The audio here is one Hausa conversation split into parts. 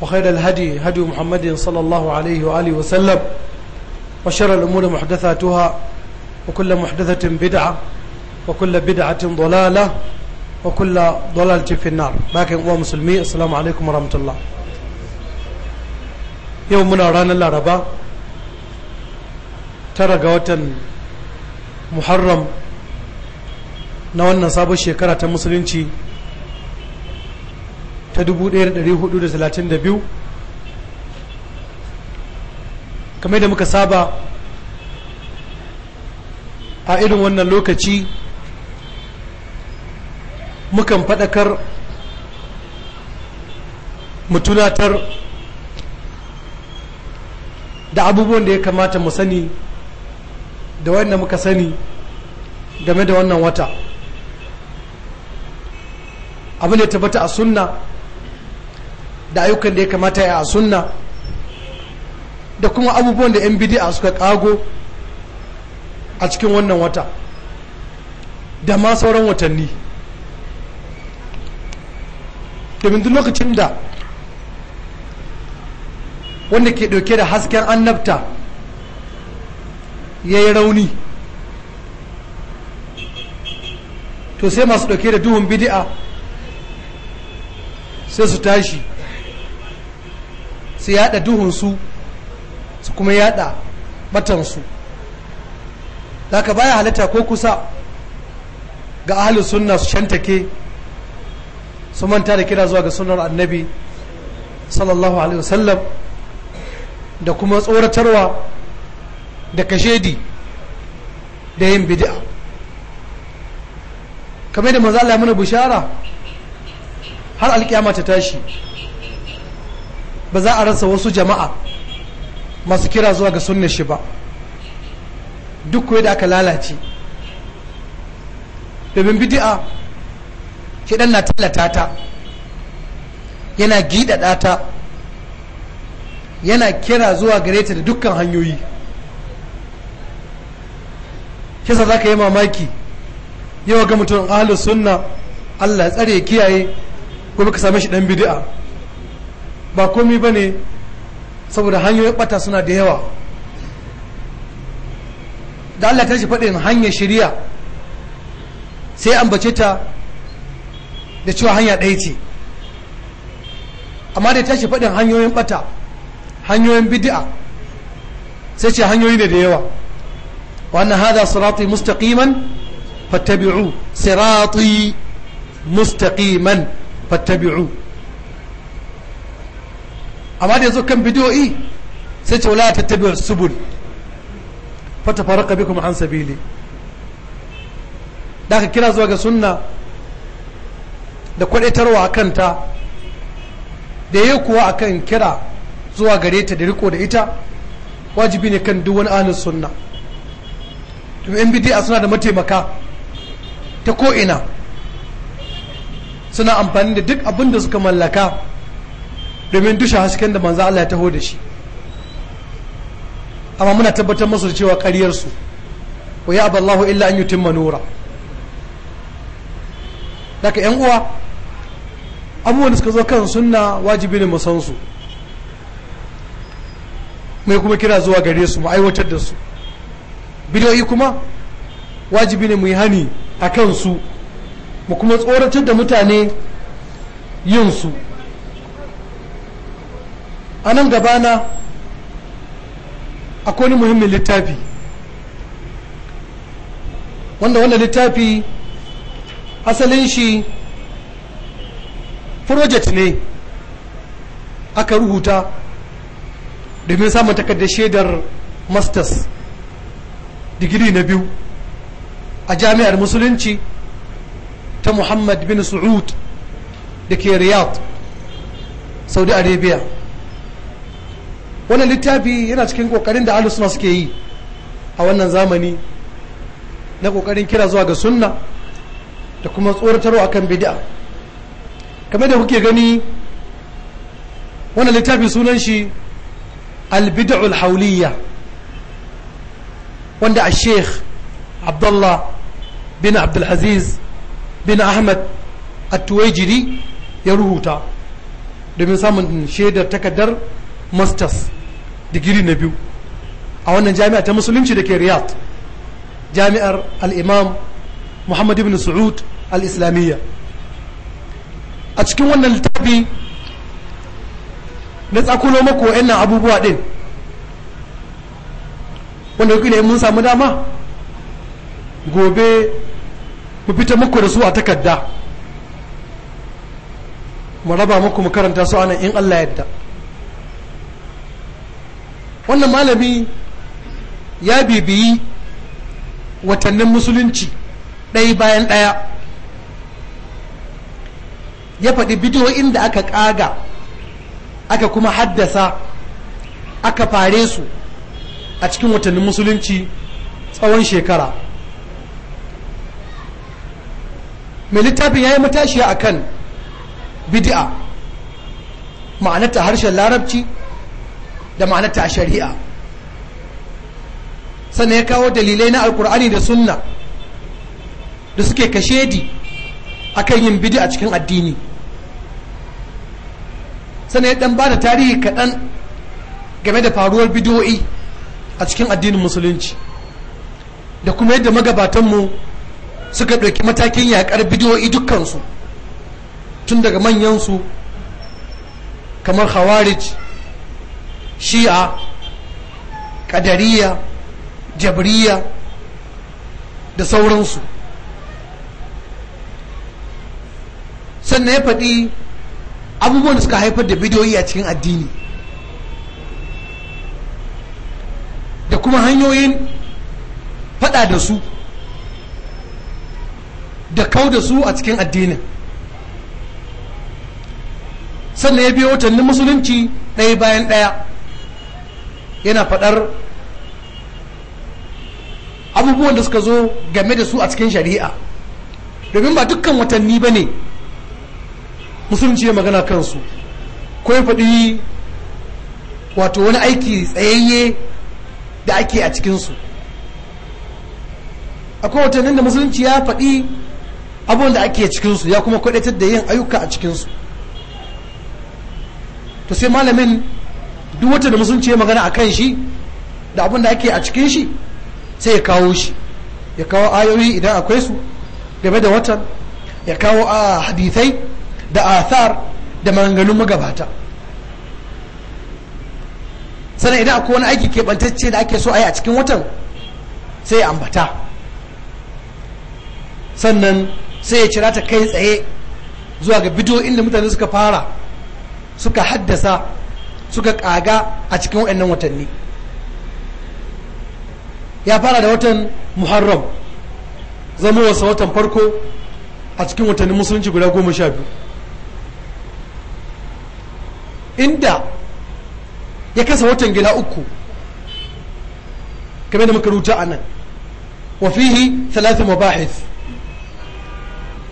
وخير الهدي هدي محمد صلى الله عليه وآله وسلم وشر الأمور محدثاتها وكل محدثة بدعة وكل بدعة ضلالة وكل ضلالة في النار باكن أمام مسلمي السلام عليكم ورحمة الله يومنا رانا العربة ترى قوة محرم na wannan sabon shekara ta musulunci ta 1432 kamar da muka saba a irin wannan lokaci mukan faɗakar mutunatar da abubuwan da ya kamata mu sani da wanda muka sani game da wannan wata abin da ya tabbata a sunna da ayyukan da ya kamata ya a sunna da kuma abubuwan da 'yan bidi'a suka kago a cikin wannan wata da ma sauran watanni domin duk lokacin da wanda ke dauke da hasken annabta ya yi rauni to sai masu dauke da duhun bidi'a sai su tashi su yada duhunsu su kuma yada batansu daga baya halitta ko kusa ga ahalin sunna su shantake su manta da kira zuwa ga sunnar annabi sallallahu alaihi wasallam da kuma tsoratarwa da kashedi da yin bid'a kamar da manzo Allah ya mana bishara har alkiyama ta tashi ba za a rasa wasu jama'a masu kira zuwa ga sunna shi ba duk kuwa da aka lalace domin bidi'a kiɗan na tallata ta yana giɗaɗa ta yana kira zuwa gare ta da dukkan hanyoyi kisa za ka yi mamaki yau ga mutum ahalus sunna allah tsare kiyaye gobe ka same shi ɗan bidi'a ba komi ba ne saboda hanyoyin bata suna da yawa da Allah ta shi faɗin hanyar shirya sai ambace ta da cewa hanya ɗaya ce amma da ta shi faɗin hanyoyin bata hanyoyin bid'a sai ce hanyoyi da da yawa wannan hada sirati mustaqiman fattabi'u sirati mustaqiman fattabi'u amma da yazo kan bidiyoi sai ce wala tattabi subul fata faraka bikum an sabili da ka kira zuwa ga sunna da kwadaitarwa a kanta da ya kuwa akan kira zuwa gare ta da riko da ita wajibi ne kan duk wani ahlin sunna domin yan a suna da mataimaka ta ko'ina suna amfani da duk abin da suka mallaka domin dusha hasken da manzo Allah ya taho da shi amma muna tabbatar masu cewa ƙaryarsu wa ya aballahu illa an tun manura daga yan uwa abubuwan da suka zo kan suna wajibi ne mu su mai kuma kira zuwa gare su mu aiwatar da su bidiyoyi kuma wajibi ne mu yi hani a kan su mu kuma tsoratar da mutane yin su a nan gabana akwai wani muhimmin littafi wanda wannan littafi asalin shi project ne aka rubuta domin samun takardar shaidar masters digiri na biyu a jami'ar musulunci ta muhammad bin su'ud da ke riyadh saudi arabia wannan littafi yana cikin kokarin da ahlus sunna suke yi a wannan zamani na kokarin kira zuwa ga sunna da kuma tsoratarwa akan bid'a kamar da kuke gani wannan littafi sunan shi bid'ul hauliyya wanda a sheikh abdullah bin abdulaziz bin ahmad at ya rubuta domin samun shaidar takardar masters digiri na biyu a wannan jami'a ta musulunci da ke riyadh jami'ar al'imam muhammad ibn su'ud al-islamiyya a cikin wannan littafi na tsakulo maku wa'annan abubuwa ɗin wanda kila mun samu dama gobe mu fita muku da su a takarda mu raba muku mu karanta su anan in allah yadda wannan malami ya bibiyi watannin musulunci ɗaya bayan ɗaya ya faɗi bidiyoyin inda aka ƙaga aka kuma haddasa aka fare su a cikin watannin musulunci tsawon shekara mai littafin ya yi matashiya a kan bidi'a ma'anata harshen larabci da ma'anarta a shari'a sannan ya kawo dalilai na alkur'ani da sunna da suke kashedi kan yin bidi a cikin addini sannan ya dan ba da tarihi kaɗan game da faruwar bidiyo'i a cikin addinin musulunci da kuma yadda magabatanmu suka ɗauki matakin yaƙar bidiyo'i dukkansu tun daga manyansu kamar khawarij shi'a Kadariya jabriya da sauransu sannan ya faɗi abubuwan da suka haifar da bidiyoyi a cikin addini da kuma hanyoyin faɗa da su da kau da su a cikin addinin sannan ya biyo watannin musulunci ɗaya bayan ɗaya yana faɗar abubuwan da suka zo game da su a cikin shari'a domin ba dukkan watanni ba ne musulunci ya magana kansu ko ya faɗi wato wani aiki tsayayye da ake a cikinsu akwai watannin da musulunci ya faɗi abubuwan da ake a cikinsu ya kuma kwadatar da yin ayyuka a cikinsu to sai malamin duk wata da musulunci ya magana a kan shi da abin da ake a cikin shi sai ya kawo shi ya kawo ayoyi idan akwai su game da watan ya kawo a hadithai da athar da maganganun magabata sannan idan akwai wani aiki keɓantacce da ake so a yi a cikin watan sai ya ambata sannan sai ya cira ta kai tsaye zuwa ga bidiyo inda mutane suka fara suka haddasa suka kaga a cikin waɗannan watanni ya fara da watan muharram zama wasa watan farko a cikin watannin musulunci guda goma sha biyu inda ya kasa watan gida uku kame da muka rubuta a nan wa fihi talata mabahis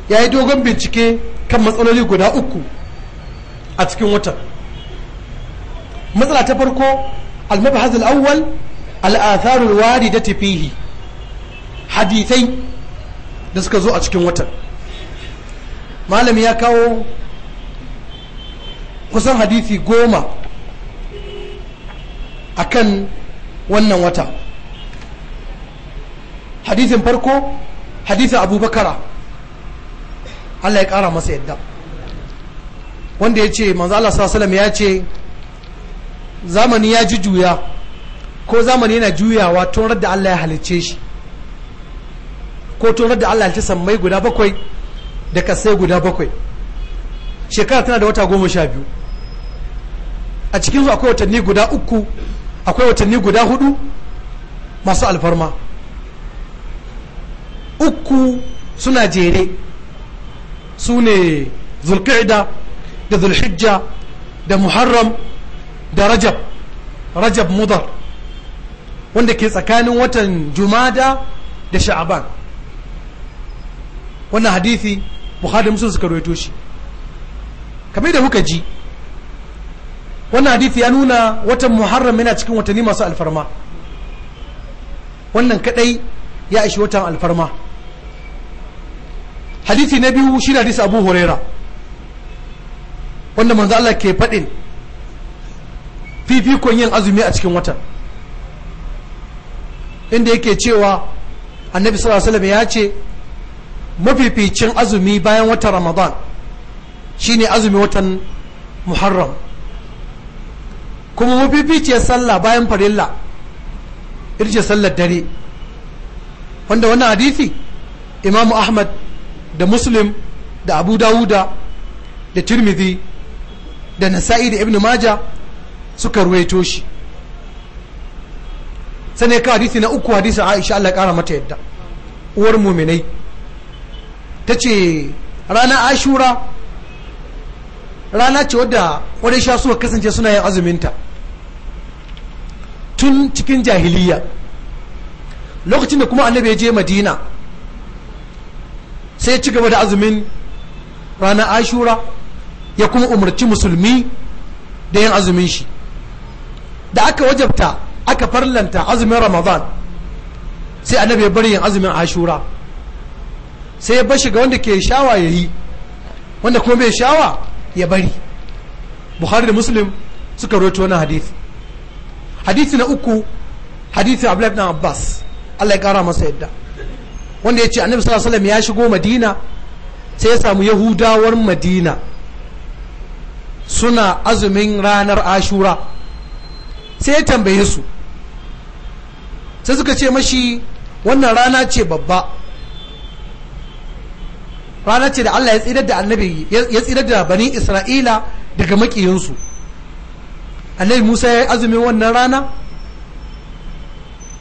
ya yi dogon bincike kan matsaloli guda uku a cikin watan matsala ta farko al-mabhaz al-awwal al-athar al-waridati fihi hadithai da suka zo a cikin watan malami ya kawo kusan hadithi goma akan wannan wata hadithin farko hadithin abubakara Allah ya kara masa yadda wanda ya ce manzo Allah sallallahu alaihi ya ce zamani ya ji juya ko zamani yana juyawa tun da Allah ya halicce shi ko tun da Allah ya halicce sammai guda bakwai da kasai guda bakwai shekara tana da wata goma sha biyu a cikinsu akwai watanni guda uku akwai watanni guda hudu masu alfarma uku suna jere su ne zulqa'ida da zulhijja da muharram da rajab rajab mudar wanda ke tsakanin watan jumada da sha'aban wannan hadithi buhari musul suka roito shi kamar da kuka ji wannan hadithi ya nuna watan muharram yana cikin watanni masu alfarma wannan kadai ya ishi watan alfarma hadithi na biyu shi na hadisi abu huraira wanda manzo Allah ke faɗin fifikon yin azumi a cikin watan inda yake cewa annabi sallallahu alaihi ya ce mafificin azumi bayan watan ramadan shine azumi watan muharram kuma mafificiyar sallah bayan farilla irce sallar dare wanda wannan hadithi imamu ahmad da muslim da abu dawuda da tirmidhi da nasa'i da ibn majah suka ruwaito shi sani ka hadisi na uku hadisi Aisha Allah kara mata yadda uwar muminai ta ce rana ashura rana ce wadda sha suka kasance suna yin azuminta tun cikin jahiliya lokacin da kuma annabi ya je madina sai ya ci gaba da azumin ranar ashura ya kuma umarci musulmi da yin azumin shi da aka wajabta aka farlanta azumin ramadan sai annabi ya bari yin azumin ashura sai ya bashi ga wanda ke shawa ya yi wanda kuma bai shawa ya bari bukhari da muslim suka roto wani hadith hadithi na uku hadithi abu ibn abbas allah ya kara masa yadda wanda ya ce annabi sallallahu alaihi ya shigo madina sai ya samu yahudawar madina suna azumin ranar ashura sai ya tambaye su sai suka ce mashi wannan rana ce babba rana ce da Allah ya tsirar da annabi ya tsirar da bani Isra'ila daga makiyinsu annabi Musa ya yi azumin wannan rana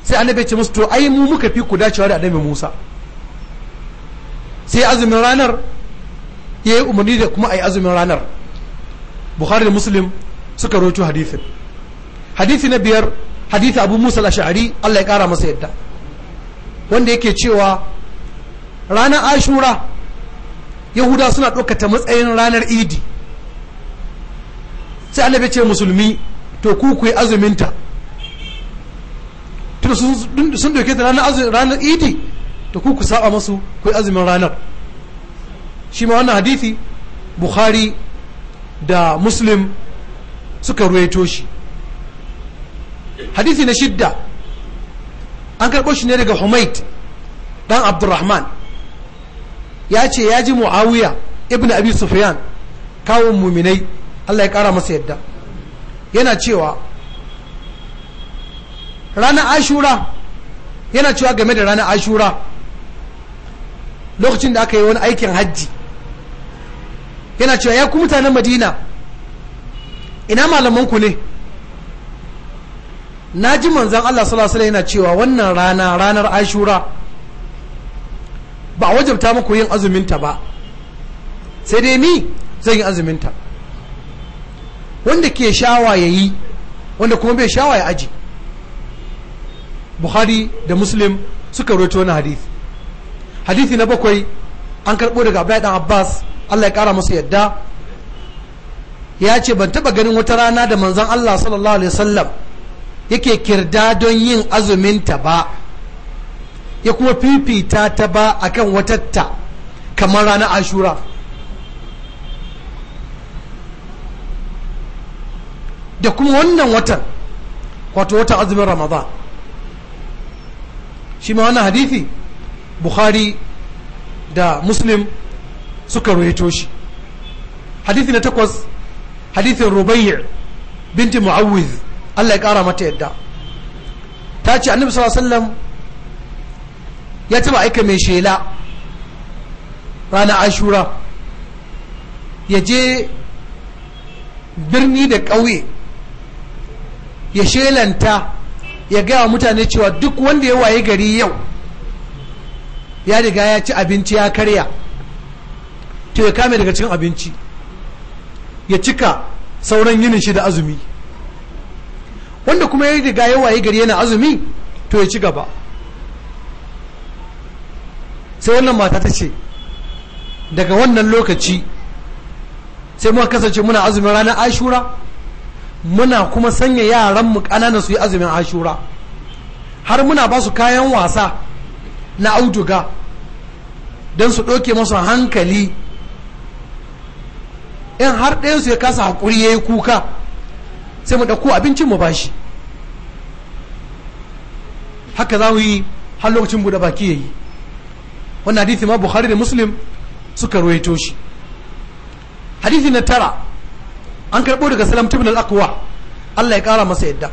sai annabi ya ce musu to ai mu muka fi ku dacewa da annabi Musa sai azumin ranar ya yi umarni da kuma a yi azumin ranar Bukhari da Muslim suka roto hadithin hadisi na biyar hadisi abu musa la ashari Allah ya kara masa yadda wanda yake cewa ranar ashura yahuda suna ɗaukata matsayin ranar idi sai annabi ce musulmi to ku ku yi azuminta to sun doke ta ranar idi to ku ku saba masu ku yi azumin ranar shi ma wannan hadithi bukhari da muslim suka ruwaito shi hadisi na shidda an karɓo shi ne daga humaid dan abdurrahman ya ce ya ji mu'awiya ibn abi sufyan kawon muminai allah ya ƙara masa yadda yana cewa ranar ashura yana cewa game da ranar ashura lokacin da aka yi wani aikin hajji yana cewa ya ku mutanen madina ina malamanku ne na ji manzan Allah sallallahu alaihi yana cewa wannan rana ranar ashura ba a wajabta muku yin azuminta ba sai dai ni zan yi azuminta wanda ke shawa ya yi wanda kuma bai shawa ya aji buhari da muslim suka rawaito wani hadithi hadithi na bakwai an karɓo daga abu dan abbas allah ya kara masa yadda ya ce ban taɓa ganin wata rana da manzan allah sallallahu alaihi wasallam yake kirda don yin azuminta ba ya kuma fifita ta ba akan watatta kamar ranar ashura da kuma wannan watan wato watan azumin ramadan shi ma wannan hadithi bukhari da muslim suka ruwaito shi hadithi na takwas hadithin rubaiyar binti mu'awwiz Allah ya ƙara mata yadda ta ce annabi sallallahu alaihi wasallam ya taba aika mai shela ranar ashura ya je birni da ƙauye ya shelanta ya gaya wa mutane cewa duk wanda ya waye gari yau ya riga ya ci abinci ya karya to ya kame daga cikin abinci ya cika sauran yinin shi da azumi wanda kuma ya riga ya waye gari yana azumi to ya ci gaba sai wannan mata ta ce daga wannan lokaci sai muka kasance muna azumin ranar ashura muna kuma sanya yaranmu ƙanana su yi azumin ashura har muna ba su kayan wasa na auduga don su ɗauke masu hankali in har ɗayansu ya kasa haƙuri ya yi kuka sai mu ɗauko abincin mu bashi haka za mu yi har lokacin buɗe baki ya yi wannan hadithi ma bukhari da muslim suka ruwaito shi hadithi na tara an karɓo daga salam tibin al'akwa allah ya ƙara masa yadda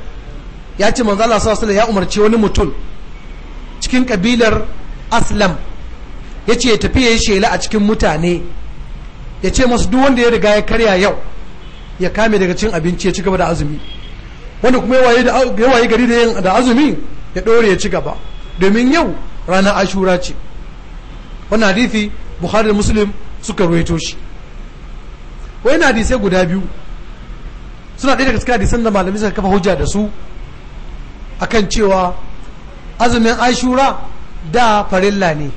ya ce manzo allah sallallahu ya umarci wani mutum cikin kabilar aslam ya ce ya tafi ya yi shela a cikin mutane ya ce masu duk wanda ya riga ya karya yau ya kame daga cin abinci ya ci gaba da azumi wanda kuma ya waye gari da yin da azumi ya dore ya ci gaba domin yau ranar ashura ce wani hadithi buhari da muslim suka ruwaito shi wani hadisai guda biyu suna ɗaya daga cikin hadisan da malamai suka kafa hujja da su akan cewa azumin ashura da farilla ne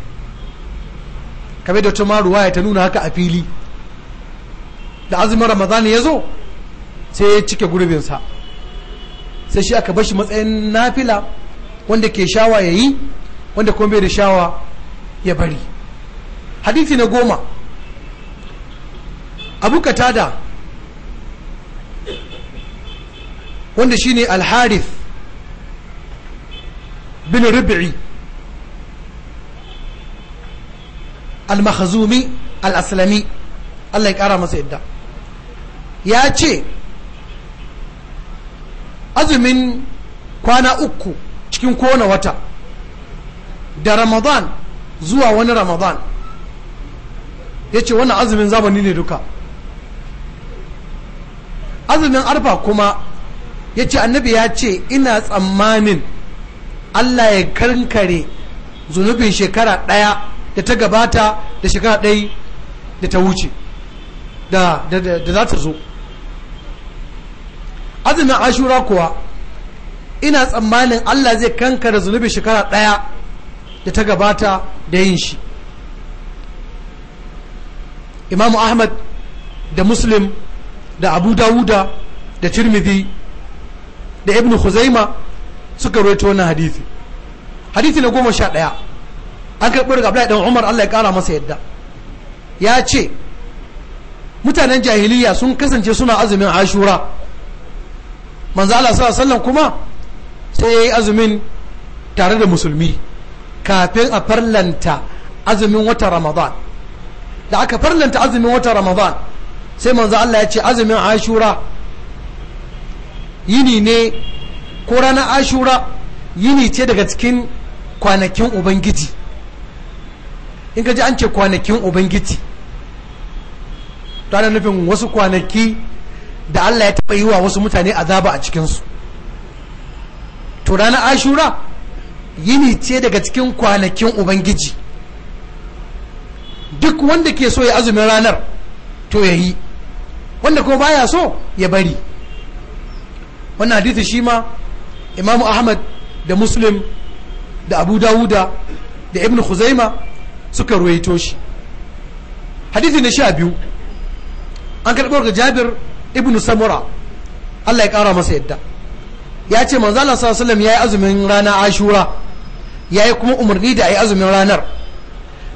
kamar da ta maruwa ya ta nuna haka a fili da azumin ramadan ya zo sai ya cike gurbinsa sai shi aka bashi matsayin nafila wanda ke shawa ya yi wanda kuma bai da shawa ya bari hadithi na goma abu katada wanda shine alharif harith bin rubi'i al-makhzumi al-aslami Allah ya kara masa yadda ya ce azumin kwana uku cikin kowane wata da ramadan zuwa wani ramadan ya ce wannan azumin zamani ne duka azumin arfa kuma ya ce annabi ya ce ina tsammanin allah ya karkare zunubin shekara ɗaya da ta gabata da shekara ɗaya da ta wuce da za ta zo azumin ashura kuwa ina tsammanin Allah zai kankara zunubi shekara ɗaya da ta gabata da yin shi imamu ahmad da muslim da abu dawuda da tirmidhi da ibn huzaima suka rawaito wannan hadithi hadithi na goma sha ɗaya an karɓi daga abdullahi ɗan umar allah ya ƙara masa yadda ya ce mutanen jahiliya sun kasance suna azumin ashura manzo Allah sallallahu alaihi wasallam kuma sai yayi azumin tare da musulmi kafin a farlanta azumin wata ramadan da aka farlanta azumin watan ramadan sai manzo Allah ya ce azumin ashura yini ne ko ranar ashura yini ce daga cikin kwanakin ubangiji in ka ji an ce kwanakin ubangiji tana nufin wasu kwanaki da Allah ya taɓa yi wa wasu mutane azaba a cikinsu to ranar ashura yini ce daga cikin kwanakin ubangiji duk wanda ke so ya azumin ranar to ya yi wanda kuma baya so ya bari wannan hadithi shi ma imamu ahmad da muslim da abu dawuda da ibn khuzaima suka ruwaito shi hadithi na sha biyu an karɓar ga jabir ibnu samura Allah ya kara masa yadda ya ce manzo Allah sallallahu alaihi wasallam yayi azumin rana ashura yayi kuma umarni da ayi azumin ranar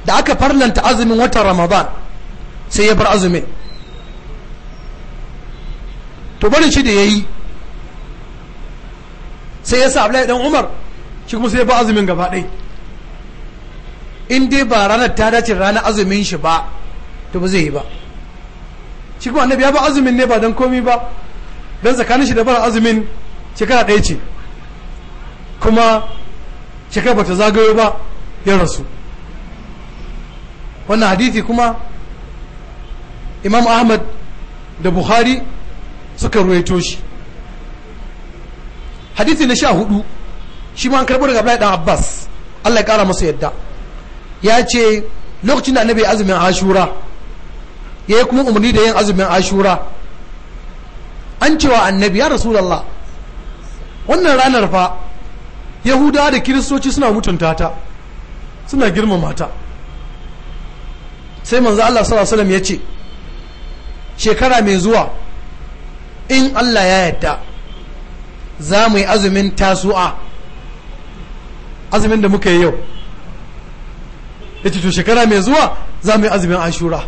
da aka farlanta azumin watan ramadan sai ya bar azumin to barin shi da yayi sai ya sa Abdullahi dan Umar shi kuma sai ya bar azumin gaba ɗaya in dai ba ranar ta dace ranar azumin shi ba to ba zai yi ba shi kuma annabi ya ba azumin ne ba don komi ba don tsakanin shi da bar azumin shekara ɗaya ce kuma shekara ba ta zagayo ba ya rasu wannan hadithi kuma imam ahmad da buhari suka ruwaito shi hadithi na sha hudu shi ma an karɓo daga abdullahi dan abbas allah ya ƙara masa yadda ya ce lokacin da annabi azumin ashura ya yi kuma umarni da yin azumin ashura an cewa annabi ya rasulallah wannan ranar fa yahudawa da kiristoci suna mutunta ta suna girmama ta sai manzo Allah sallallahu alaihi ya ce shekara mai zuwa in Allah ya yadda za mu yi azumin tasu'a azumin da muka yi yau ya ce to shekara mai zuwa za mu yi azumin ashura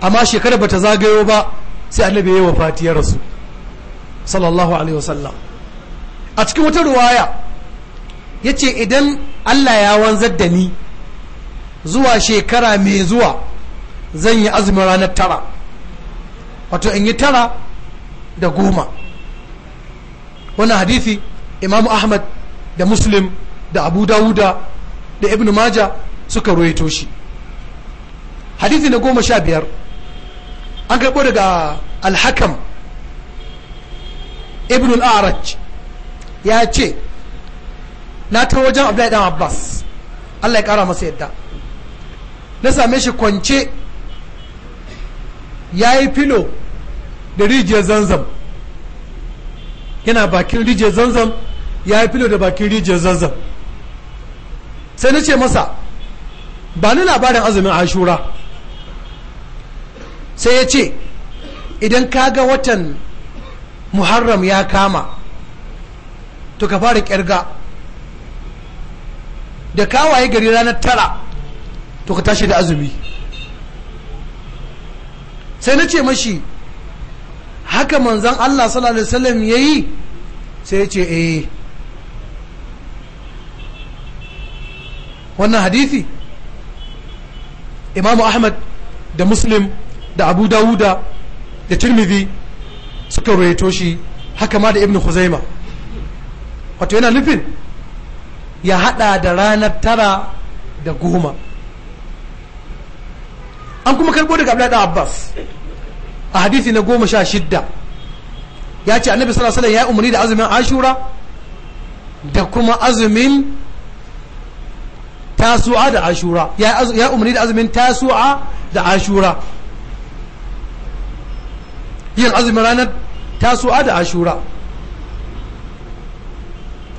amma shekarar bata zagayo ba sai annabi yayi wafati ya rasu sallallahu alaihi wasallam a cikin wata ruwaya yace idan Allah ya wanzar da ni zuwa shekara mai zuwa zan yi azumin ranar tara wato in yi tara da goma wannan hadithi imam ahmad da muslim da abu dawuda da ibn maja suka ruwaito shi hadithi na goma sha biyar an karɓo daga alhakam ibn al ya ce na ta wajen abdullahi dan abbas allah ya ƙara masa yadda na same shi kwance ya yi filo da rijiyar zanzam yana bakin rijiyar zanzam ya yi filo da bakin rijiyar zanzam sai na ce masa ba ni labarin azumin ashura sai ya ce idan ka ga watan muharram ya kama to ka fara kirga da kawaye gari ranar tara to ka tashi da azumi sai na ce mashi haka manzan Allah sallallahu Alaihi wasallam ya yi sai ya ce eh wannan hadithi imamu ahmad da muslim da abu dawuda da tirmidhi suka rawaito shi haka ma da ibn khuzaima wato yana nufin ya hada da ranar tara da goma an kuma karbo daga abdullahi da abbas a hadisi na goma sha shidda ya ce annabi sallallahu alaihi ya umarni da azumin ashura da kuma azumin tasu'a da ashura ya umarni da azumin tasu'a da ashura yin azumin ranar tasu'a da ashura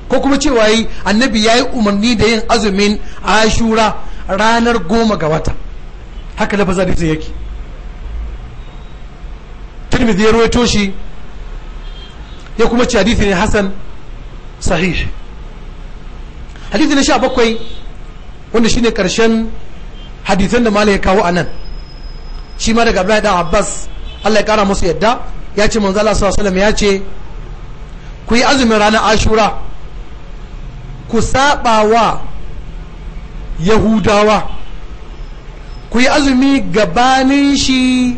ko kuma cewa yi annabi ya yi umarni da yin azumin ashura ranar goma ga wata haka da bazari zai yake tirmidhi ya ruwaito shi ya kuma ce hadithi ne Hassan sahih hadithi na sha bakwai wanda shine karshen hadithan da mala ya kawo a nan shi ma daga abdullahi dan abbas Allah ya kara musu yadda ya ce manzo Allah sallallahu alaihi ya ce ku yi azumin ranar Ashura ku saba wa Yahudawa ku yi azumi gabanin shi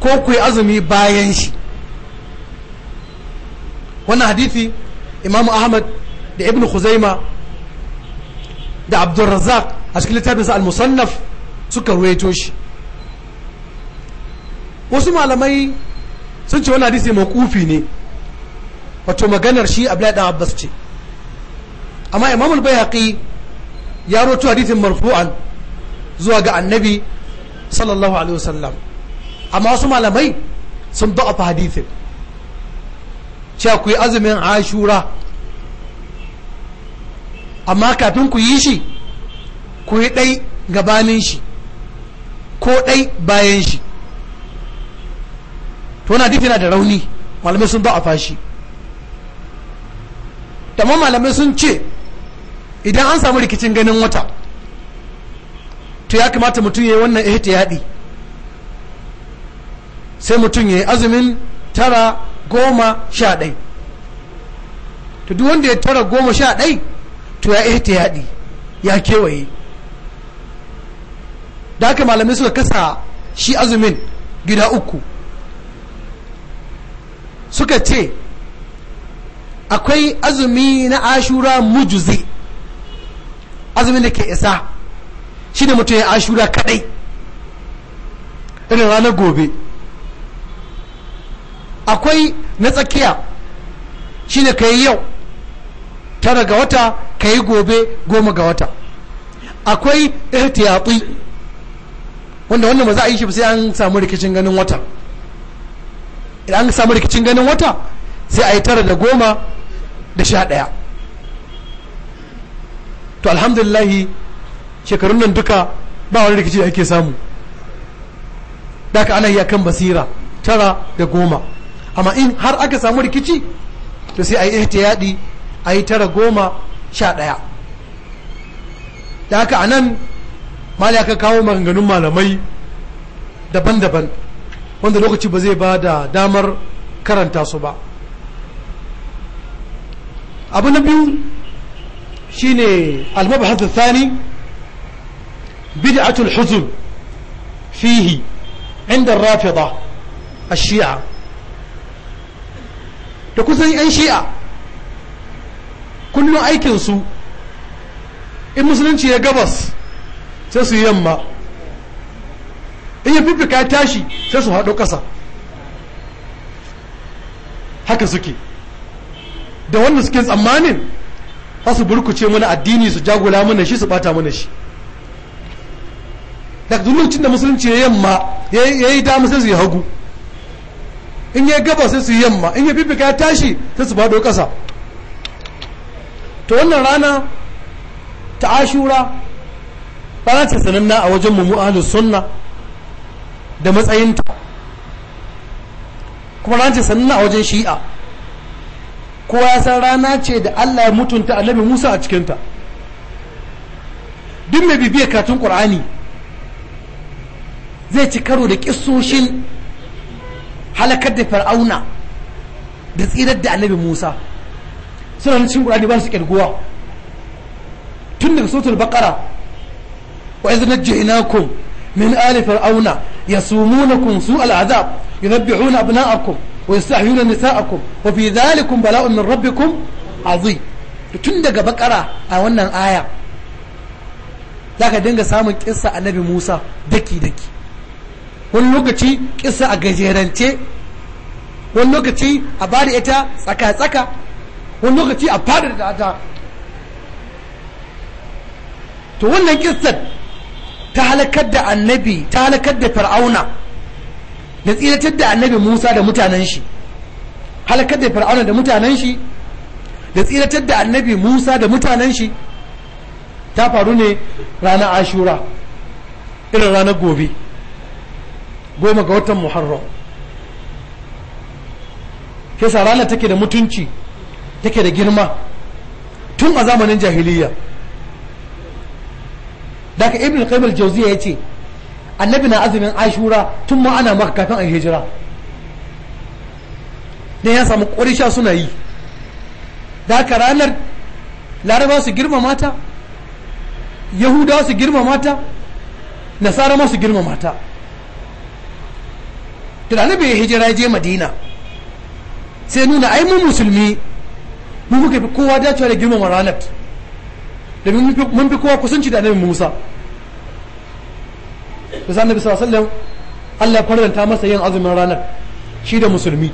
ko ku yi azumi bayan shi wannan hadithi imamu ahmad da ibn khuzaima da abdulrazak a cikin littafinsa al-musannaf suka ruwaito shi wasu malamai sun ce wani hadisi mai kufi ne wato maganar shi abdullahi abbas ce amma imamul haƙi ya roto hadisin marfu'an zuwa ga annabi sallallahu alaihi wasallam amma wasu malamai sun fa hadisin cewa ku yi azumin ashura amma kafin ku yi shi ku yi ɗai gabanin shi ko ɗai bayan shi to na dita yana da rauni malamai sun fashi shi tamam malamai sun ce idan an samu rikicin ganin wata to ya kamata mutum ya yi wannan yaɗi sai mutum ya yi azumin tara goma sha ɗai to duk wanda ya tara goma sha ɗai to ya yaɗi ya kewaye da haka malamai suka kasa shi azumin gida uku suka ce akwai azumi na ashura mujuzi azumi da ke isa shi ne mutum ya ashura kadai irin ranar gobe akwai na tsakiya shi ne ka yi yau tara ga wata ka yi gobe goma ga wata akwai ihtiyatsi wanda wanda ba za a yi shi sai an samu rikicin ganin wata idan an samu rikicin ganin wata sai a yi tara da goma da sha ɗaya to alhamdulillahi shekarun nan duka ba wani rikici da ake samu daga ana iya kan basira tara da goma amma in har aka samu rikici to sai a yi yaɗi a yi tara goma sha ɗaya da haka a nan mali aka kawo maganganun malamai daban-daban wanda lokaci ba zai ba da damar karanta su ba abu na biyu shine almabahatu thani bid'atul huzun fihi inda rafida a shi'a da kusan 'yan shi'a kullum aikinsu in musulunci ya gabas sai su yamma in ya tashi sai su haɗo ƙasa haka suke da wannan suke tsammanin za su burkuce mana addini su jagula mana shi su bata mana shi daga lokacin da musulunci ya yamma ya yi dama sai su yi hagu in ya gaba sai su yi yamma in ya fifika ya tashi sai su faɗo ƙasa to wannan rana ta ashura rana ce sananna a wajen mu mu'ahalus sunna da matsayinta kuma ranar ce sannan a wajen shi'a kowa ya san rana ce da allah ya mutunta annabi musa a cikinta duk mai bibiya katun ƙur'ani zai ci karo da ƙisoshin halakar da fir'auna da tsirar da annabi musa suna na cikin ƙur'ani ba su ƙirguwa tun daga sotar baƙara wa izina jihinakum min ali fir'auna يصومونكم سوء العذاب يذبحون أبناءكم ويستحيون نساءكم وفي ذلكم بلاء من ربكم عظيم tun daga bakara a wannan aya za ka dinga samun kissa annabi musa daki-daki wani lokaci kissa a gajerance wani lokaci a bada ita tsaka wani lokaci a fadar da to wannan ta halakar da annabi ta halakar da fir'auna da tsiratar da annabi musa da mutanen shi halakar da fir'auna da mutanen shi da tsiratar da annabi musa da mutanen shi ta faru ne ranar ashura irin ranar gobe goma ga watan muharram kesa ranar take da mutunci take da girma tun a zamanin jahiliya daga ibn al-qayyim al-jawziya yace annabi na azumin ashura tun ma ana maka kafin a hijira dan ya samu ƙorisha suna yi da haka ranar laraba su girma mata yahudawa su girma mata nasara ma su girma mata tunanin bai hijira je madina sai nuna ai mu musulmi mu muka fi kowa dacewa da girmama ranar domin mun fi kowa kusanci da annabi Musa da annabi sallallahu alaihi wasallam Allah faranta masa yin azumin ranar shi da musulmi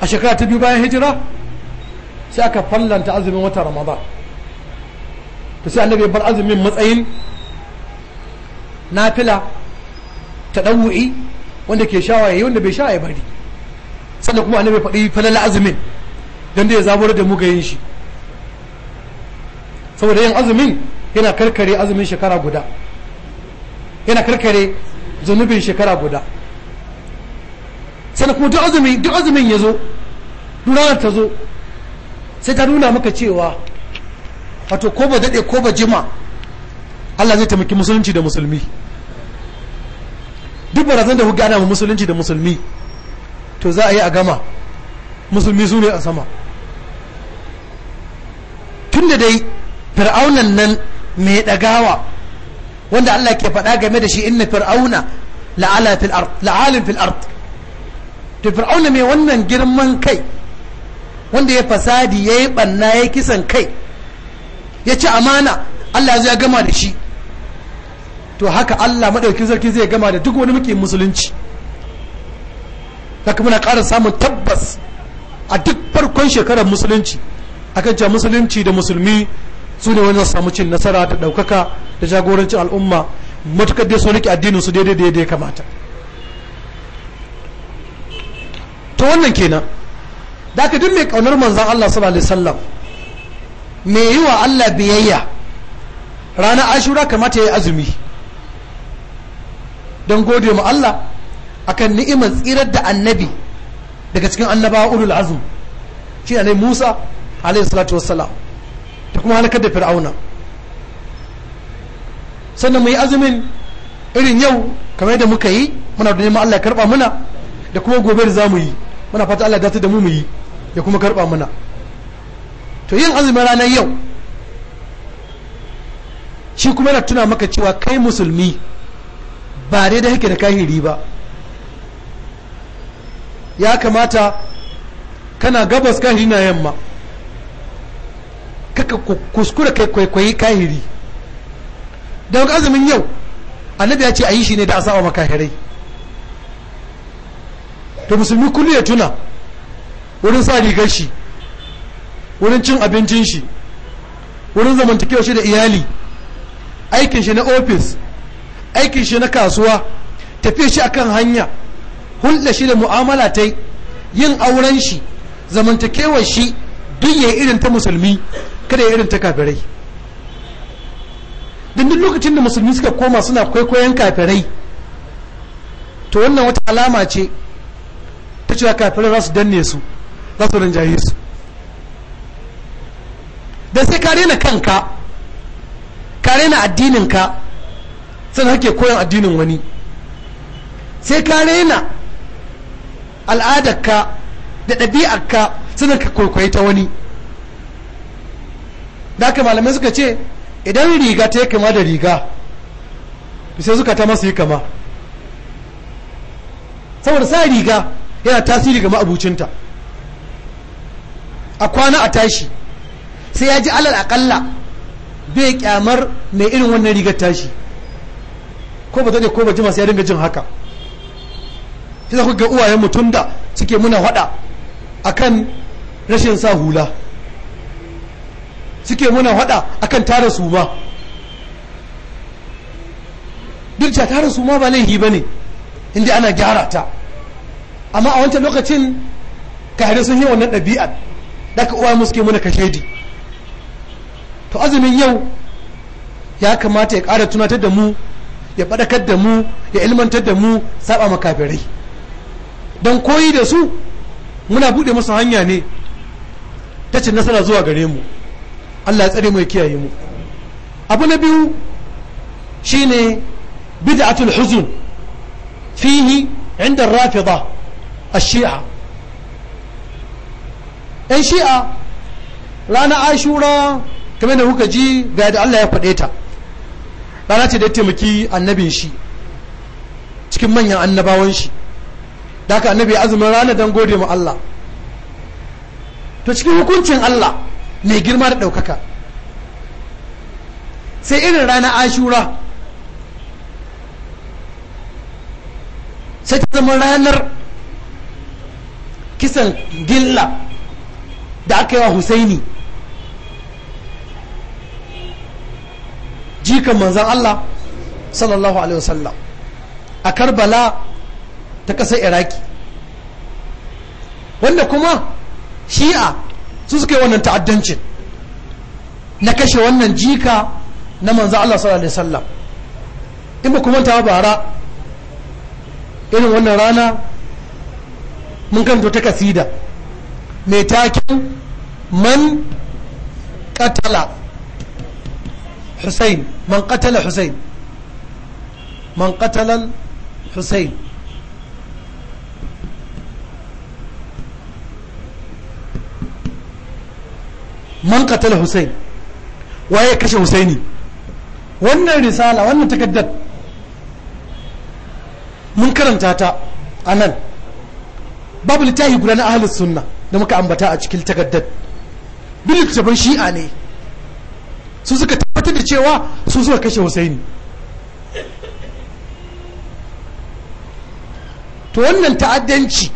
a shekara ta biyu bayan hijira sai aka fallanta azumin wata ramadan to sai annabi bar azumin matsayin nafila ta ɗawu'i wanda ke sha waye wanda bai sha bari sannan kuma annabi faɗi falala azumin don da ya zabar da mu ga yin shi saboda yin azumin yana karkare azumin shekara guda yana karkare zunubin shekara guda sannan kuma duk azumin ya zo ranar ta zo sai ta nuna maka cewa wato ko ba daɗe ko ba jima Allah zai taimaki musulunci da musulmi duk barazan da hukana ma musulunci da musulmi to za a yi a gama musulmi su ne a sama tun da dai fir'aunan nan mai ɗagawa wanda Allah ke faɗa game da shi inna fir'auna la'ala fil ard la'alin fil ard to fir'auna mai wannan girman kai wanda ya fasadi yayi banna yayi kisan kai ya ci amana Allah zai gama da shi to haka Allah maɗaukin sarki zai gama da duk wani muke musulunci haka muna ƙara samun tabbas a duk farkon shekarar musulunci akan cewa musulunci da musulmi su ne wanda samu cin nasara ta ɗaukaka da jagorancin al'umma matukar dai su rike addinin su daidai da ya kamata to wannan kenan da ka duk mai kaunar manzan Allah sallallahu alaihi wasallam mai yi wa Allah biyayya ranar ashura kamata ya yi azumi don gode ma Allah akan ni'imar tsirar da annabi daga cikin annabawa ulul azum shi ne Musa alaihi salatu wassalam da kuma halakar da fir'auna sannan mu yi azumin irin yau kamar yadda muka yi muna da neman Allah ya karba muna da kuma gobe da zamu yi muna fata Allah ya dace da mu mu yi ya kuma karba muna to yin azumin ranar yau shi kuma yana tuna maka cewa kai musulmi ba dai da yake da kahiri ba ya kamata kana gabas kahiri na yamma kaka kuskura kai kwaikwayi kahiri don azumin yau annabi ya ce a yi shi ne da a saba makahirai da musulmi kullu ya tuna wurin sa rigar shi wurin cin abincin shi wurin zamantakewa shi da iyali aikin shi na ofis aikin shi na kasuwa tafiya shi akan hanya hulɗa shi da mu'amala ta yin auren shi zamantakewar shi duk yayi irin ta musulmi kada ya irin ta kafirai don duk lokacin da musulmi suka koma suna kwaikwayon kafirai to wannan wata alama ce ta cewa kafirai za su danne su za su rinjaye su da sai ka rena kanka ka rena addininka sannan hake koyon addinin wani sai ka rena al'adarka da ɗabi'arka sannan ka kwaikwayi ta wani da haka malamai suka ce idan riga ta yi kama da riga sai suka ta masu yi kama saboda sa riga yana tasiri ga ma'abucinta a kwana a tashi sai ya ji alal akalla bai kyamar mai irin wannan rigar tashi ko ba zane ko ba jima sai ya dinga jin haka sai za ga uwayen mutum da suke muna hada akan rashin sa hula suke muna hada akan tara su ba duk da tara su ma ba laihi ba ne inda ana gyara ta amma a wancan lokacin hada sun yi wannan ɗabi'ar da ka uwa muske muna kashedi to azumin yau ya kamata ya kara tunatar da mu ya faɗakar da mu ya ilmantar da mu saba makafirai don koyi da su muna buɗe musu hanya ne ta ci nasara zuwa gare mu Allah ya tsare mu ya kiyaye mu abu na biyu shine bid'atul huzun fihi inda rafida a shia ɗan shi'a rana ashura kamar da kuka ji ga da Allah ya faɗe ta rana ce da taimaki annabin shi cikin manyan annabawan shi da annabi azumin rana don gode ma Allah to cikin hukuncin Allah mai girma da ɗaukaka sai irin rana ashura sai ta zama ranar kisan gilla da aka yi wa husaini jikan manzan Allah sallallahu alaihi wasallam a karbala ta ƙasar iraki wanda kuma shi'a su suka yi wannan ta'addancin na kashe wannan jika na manzo Allah sallallahu alaihi wasallam in ba kuma ta bara irin wannan rana mun kanto ta kasida mai taken man katala Hussein man katala Hussein man katala Hussein man qatala husain waye kashe husaini wannan risala wannan takaddar mun karanta ta a nan babu littafi guda na ahlus sunna da muka ambata a cikin takaddar duk littafin shi'a ne su suka tabbatar da cewa su suka kashe husaini to wannan ta'addanci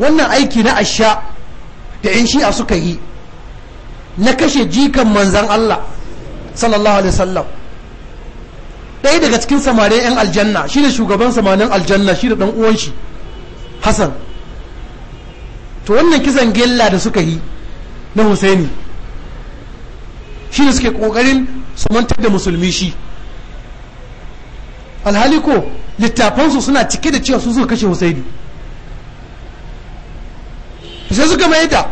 wannan aiki na asha da 'yan shi'a suka yi na kashe jikan manzan Allah sallallahu alaihi wasallam ɗaya daga cikin samarin 'yan aljanna shi ne shugaban samarin aljanna shi da ɗan uwan shi hassan to wannan kisan gilla da suka yi na husaini shi ne suke ƙoƙarin su mantar da musulmi shi alhali ko littafansu suna cike da cewa su suka kashe husaini sai suka mai da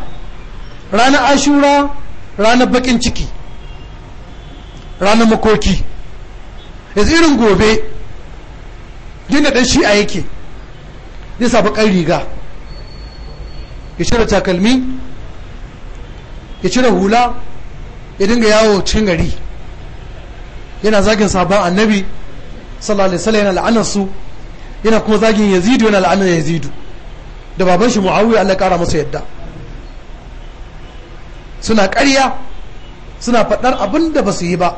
ranar ashura ranar bakin ciki ranar makoki yanzu irin gobe ɗan dan a yake ya sabu riga ya cire takalmi ya cire hula ya dinga yawo cin gari yana zagin sabon annabi sallallahu alaihi wasallam yana la'anarsu su yana kuma zagin yazidu yana la'anar yazidu da baban shi muawiya Allah kara masa yadda suna ƙarya suna faɗar abin da ba su yi ba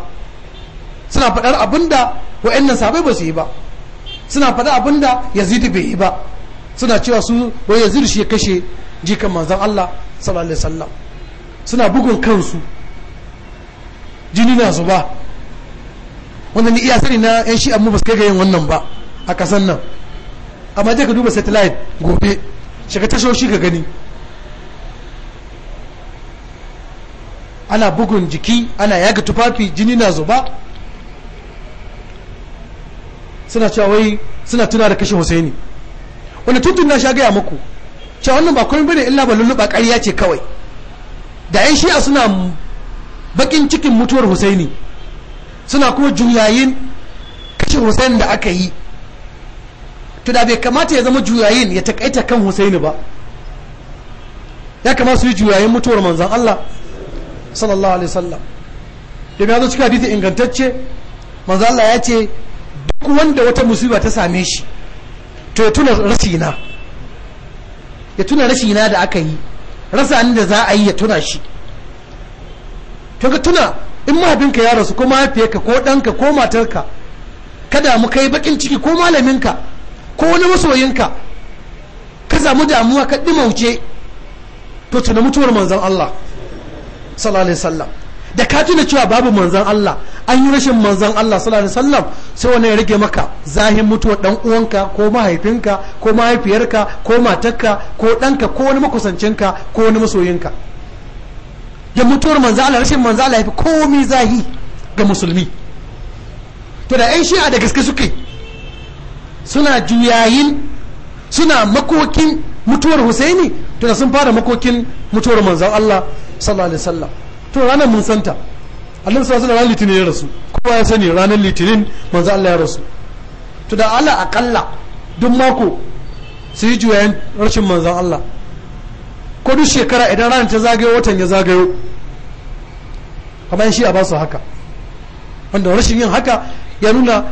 suna faɗar abin da wa'annan sabai ba su yi ba suna faɗar abin da yazidu bai yi ba suna cewa su wai yazidu shi ya kashe jikan manzon Allah sallallahu alaihi wasallam suna bugun kansu jini na zuba wanda ni iya sani na yan shi amma ba su kai ga yin wannan ba a kasan nan amma je ka duba satellite gobe shiga tashoshi ka gani ana bugun jiki ana yaga tufafi jini na zuba suna cewa wai suna tuna da kashe husaini wanda tuntun na sha gaya muku cewa wannan ba kuma bane illa ba lulluɓa ƙarya ce kawai da yan shi'a suna bakin cikin mutuwar husaini suna kuma juyayin kashe husaini da aka yi to da bai kamata ya zama juyayin ya takaita kan husaini ba ya kamata su yi juyayin mutuwar manzan Allah sallallahu alaihi wasallam domin ya zo cikin hadisi ingantacce manzo Allah ya ce duk wanda wata musiba ta same shi to ya tuna rashina ya tuna rashina da aka yi rasa ni da za a yi ya tuna shi to ka tuna in mahaifinka ya rasu ko mahaifiyarka ko ɗanka ko matarka kada mu kai bakin ciki ko malaminka ko wani masoyinka ka samu damuwa ka ɗi mauce to tuna mutuwar manzon Allah sallallahu sallam da ka tuna cewa babu manzan Allah an yi rashin manzan Allah sallallahu alaihi wasallam sai wani ya rage maka zahin mutuwar dan uwanka ko mahaifinka ko mahaifiyarka ko matarka ko ɗanka ko wani makusancinka ko wani masoyinka da mutuwar manzan Allah rashin manzan Allah ya fi komai zahi ga musulmi to da yan shi'a da gaske suke suna juyayin suna makokin mutuwar Husaini to da sun fara makokin mutuwar manzan Allah sallallahu alaihi wasallam to ranar mun santa annabi sallallahu alaihi wasallam litinin ya rasu kowa ya sani ranar litinin manzo Allah ya rasu to da Allah akalla duk mako su yi juyayen rashin manzon Allah ko duk shekara idan ranar ta zagayo watan ya zagayo kamar shi a ba su haka wanda rashin yin haka ya nuna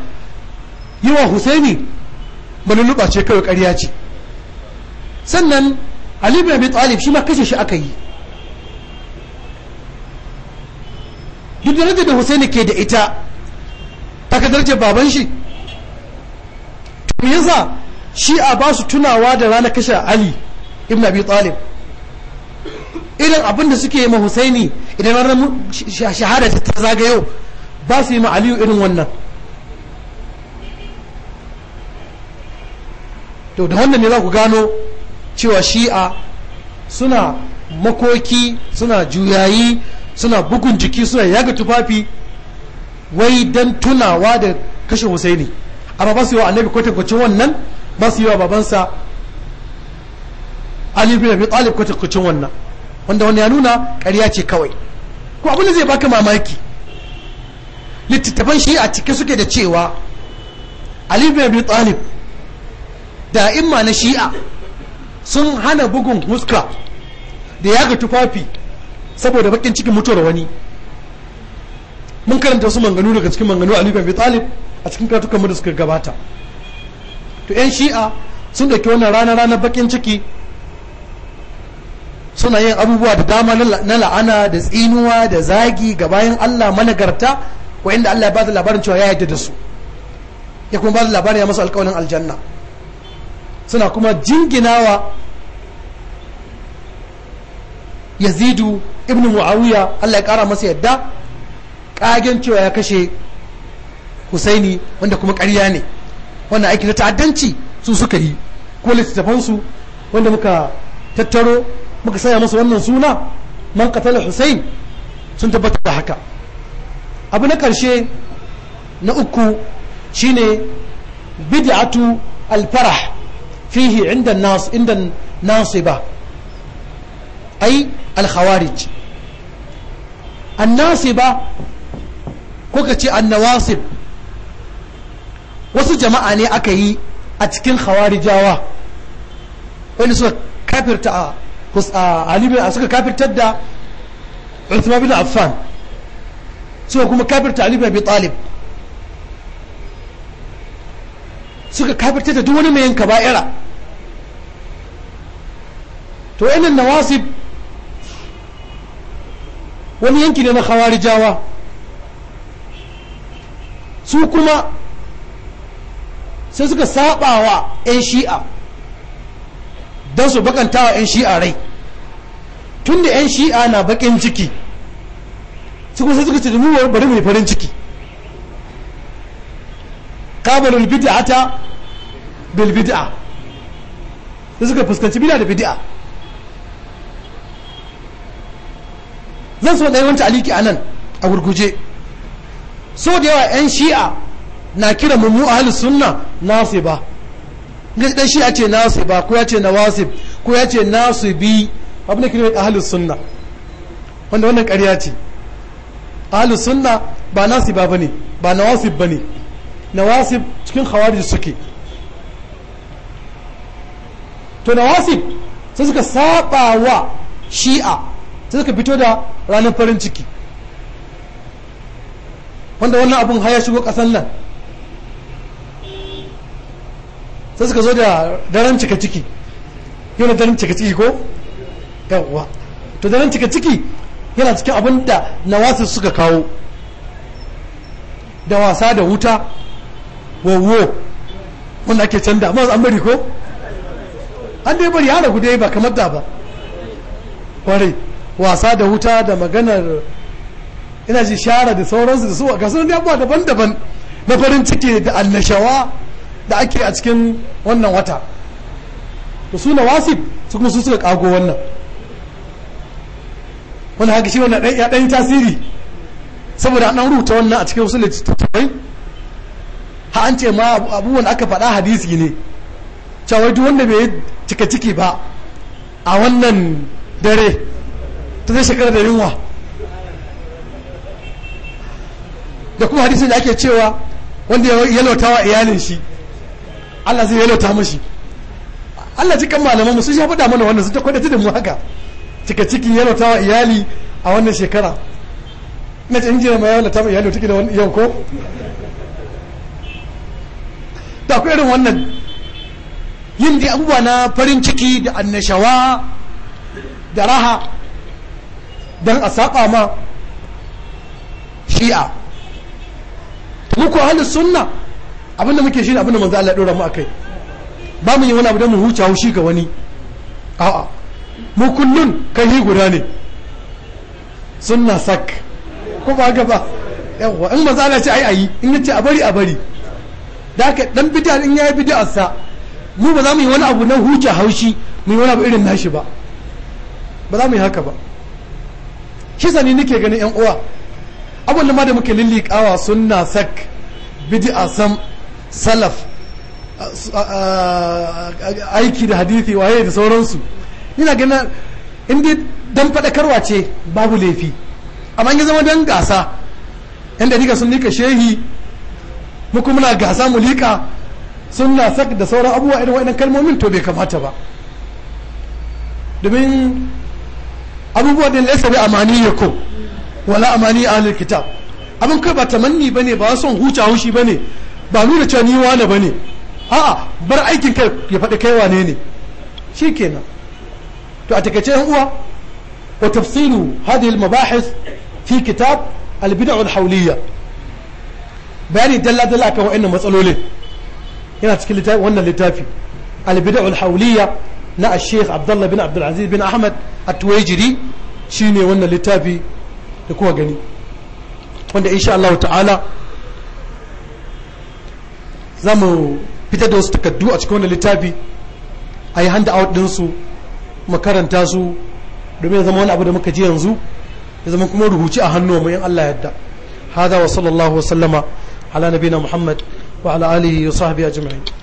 yawan husaini maluluba ce kawai karya ce sannan ali bin abi talib shi ma kashe shi aka yi darajar da husaini ke da ita ta ka daraja baban shi to me yasa shi a ba su tunawa da ranar kashe ali ibn abi talib irin abin da suke yi ma husaini idan ranar shahada ta zagayo ba su yi ma aliyu irin wannan to da wannan ne za ku gano cewa shi'a suna makoki suna juyayi suna bugun jiki suna yaga tufafi wai dan tunawa da kashe husaini amma ba su yi wa annabi kwatankwacin wannan ba su yi wa babansa ali bin abi talib kwatankwacin wannan wanda wani ya nuna ƙarya ce kawai ko abin da zai baka mamaki littattafan shi a cike suke da cewa ali bin abi talib da imma na shi'a sun hana bugun huska da yaga tufafi saboda bakin cikin mutuwar wani mun karanta su manganu daga cikin manganu Ali bin Talib a cikin karatukan da suka gabata to yan shi'a sun dauki wannan rana rana bakin ciki suna yin abubuwa da dama na la'ana da tsinuwa da zagi ga bayan Allah managarta wa'inda Allah ya ba da labarin cewa ya yarda da su ya kuma ba da labarin ya masu alƙawarin aljanna suna kuma jinginawa yazidu ibn muawiya Allah ya kara masa yadda kagen cewa ya kashe husaini wanda kuma ƙarya ne wannan aiki na ta'addanci su suka yi ko littattafansu wanda muka tattaro muka saya masa wannan suna man qatala husain sun tabbatar da haka abu na karshe na uku shine bid'atu alfarah fihi inda nas inda ai alkhawarij annasiba ko ka ce annawasib wasu jama'a ne aka yi a cikin khawarijawa wani suka kafirta a alibin suka kafirtar da Uthman bin Affan suka kuma kafirta Ali Abi Talib suka kafirta da duk wani mai yin kaba'ira to yanin nawasib wani yanki ne na khawarijawa su kuma sai suka saba wa 'yan shi'a don su bakanta wa 'yan shi'a rai tun da 'yan shi'a na bakin ciki su kuma sai suka ce mu bari mai farin ciki bid'a ta bil bid'a sai suka fuskanci bid'a da bid'a zan so ɗaya wanta aliki a nan a gurguje so da yawa 'yan shi'a na kira mummu a halin sunna nasu ba ɗan shi'a ce nasu ba ko ya ce na wasu ko ya ce nasu bi abin da kira a halin sunna wanda wannan ƙarya ce a halin sunna ba nasu ba bane ba ne bane wasu cikin khawarij suke to wasu sai suka saba wa shi'a sai suka fito da ranar farin ciki wanda wannan abun haya shigo kasan nan sai suka zo da daren cika ciki yana daren cika ciki ko yawwa to daren cika ciki yana cikin abin da nawasu suka kawo da wasa da wuta wawo wanda ake canda amma an bari ko an dai bari ya ragu dai ba kamar da ba kwarai wasa da wuta da maganar ina ji shara da sauransu da su ga sunan abubuwa daban-daban na farin ciki da annashawa da ake a cikin wannan wata to su na wasif su kuma su suka kago wannan wani haka shi wannan ya ɗan tasiri saboda an rubuta wannan a cikin wasu littattafai ha an ce ma abubuwan aka faɗa hadisi ne cewa duk wanda bai cika ciki ba a wannan dare ta zai shekara da yunwa da kuma hadisin da ake cewa wanda ya wa iyalin shi Allah zai yalauta mashi Allah cikin malaman mu sun sha mana wannan sun ta kwadata da mu haka cika cikin wa iyali a wannan shekara na ce injina ma yalauta ma iyali take da wani yau ko da ku irin wannan yin da abubuwa na farin ciki da annashawa da raha don a saƙa ma shi'a muku ahalin sunna abinda muke shi abinda manzo Allah ya dora mu akai ba mu yi wani abu don mu huce haushi ga wani a'a mu kullun yi guda ne sunna sak ko ba gaba yawa in manzo Allah ce ai ayi in yace a bari a bari da haka dan bid'a in yayi bid'a sa mu ba za mu yi wani abu na huce haushi mu yi wani abu irin nashi ba ba za mu yi haka ba kisa ne nake ganin yan uwa abin ma da muke lilliƙawa sunna sak bid'a sam salaf aiki da hadithi waye da sauransu ina ganin inda dan faɗakarwa ce babu laifi amma ya zama dan gasa yan nika sun nika shehi mu kuma na gasa mu liƙa sunna sak da sauran abubuwa irin waɗannan kalmomin to bai kamata ba domin abubuwan da laisa bi ko wala amani ahlul kitab abin kai ba tamanni bane ba son huca haushi bane ba nuna cewa ni wani ne a'a bar aikin kai ya faɗi kai wane ne kenan to a takaice yan uwa wa tafsilu hadhihi mabahis mabahith fi kitab al-bid'ah bayani dalla dalla kan wa'annan matsalolin yana cikin littafi wannan littafi al-bid'ah na sheikh abdullah bin abdulaziz bin ahmad a tuwajiri shi ne wannan littafi da kuma gani wanda insha Allah ta'ala za mu fitar da wasu takaddu a cikin wannan littafi a yi handa out ɗinsu makaranta su domin zama wani abu da muka ji yanzu ya zama kuma rubuci a hannu mu in Allah yadda hada wa sallallahu wa sallama ala nabina muhammad wa ala alihi wa sahbihi ajma'in